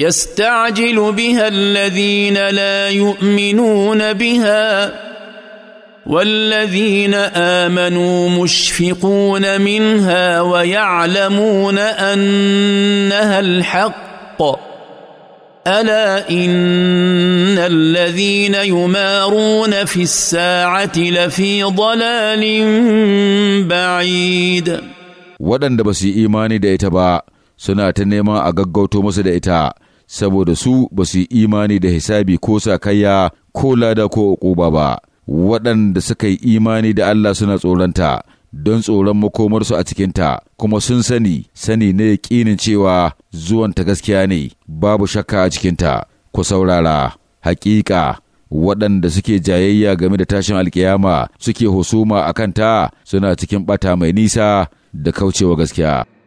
يستعجل بها الذين لا يؤمنون بها والذين امنوا مشفقون منها ويعلمون انها الحق الا ان الذين يمارون في الساعه لفي ضلال بعيد وَدَنْ دَبَسِي ايماني yi سنة da ita ba suna saboda su ba su yi imani da hisabi ko sakayya ko lada ko uquba ba waɗanda suka yi imani da Allah suna tsoronta don tsoron makomarsu a cikinta kuma sun sani sani na yaƙinin cewa zuwanta gaskiya ne babu shakka a cikinta ku saurara hakika waɗanda suke jayayya game da tashin alkiyama suke husuma a kanta suna cikin ɓata mai nisa da kaucewa gaskiya.